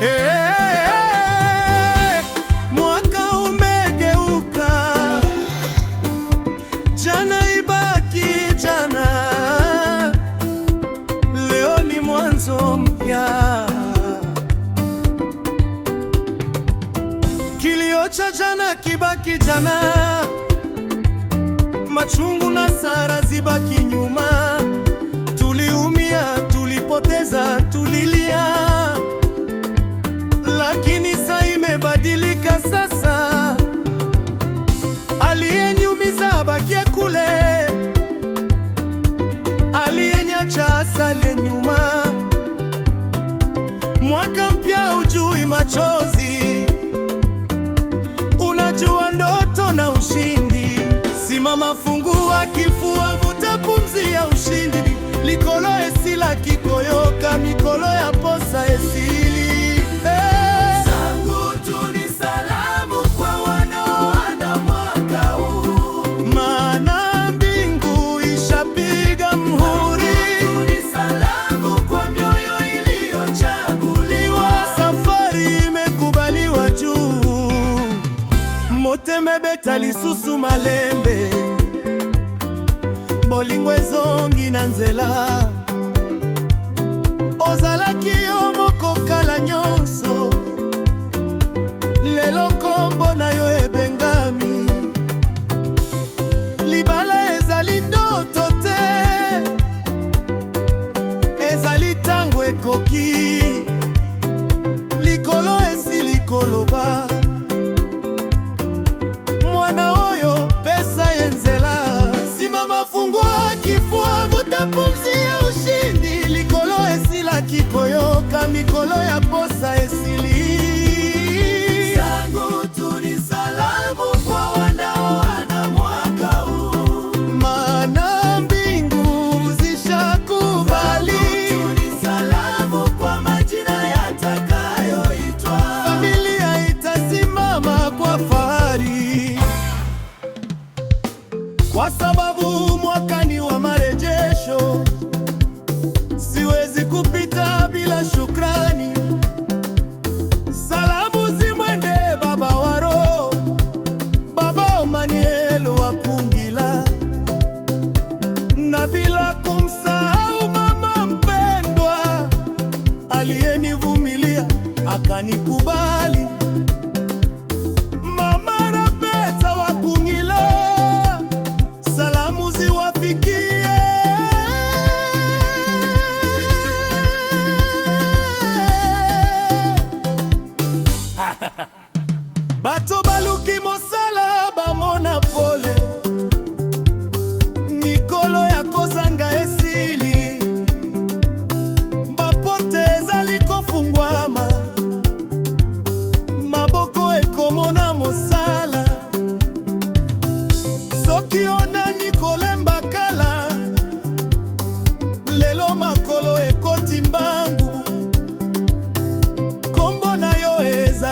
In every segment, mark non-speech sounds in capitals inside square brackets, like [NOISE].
Hey, eh, eh, eh, mwaka umegeuka, jana ibaki jana, leo ni mwanzo mpya. Kilio cha jana kibaki jana, machungu na sara zibaki nyuma nimeacha sale nyuma, mwaka mpya ujui machozi, unajua ndoto na ushindi. Simama, fungua kifua, vuta pumzi ya ushindi, likolo esila kikoyoka mikolo ya posa esi motema ebeta lisusu malembe bolingo ezongi na nzela ozalaki yo moko kala nyonso lelo nkombo na yo ebengami libala ezali ndoto te ezali ntango ekoki likolo esili koloba akanikubali. Mama Rapeta wa Bungila, salamu ziwafikie. [LAUGHS]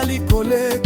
alikole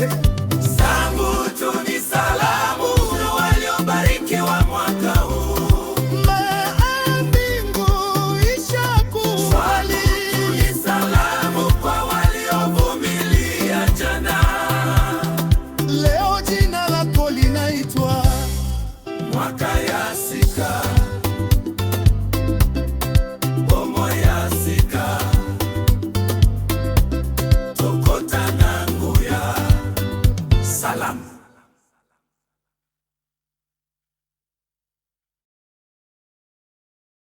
Hey.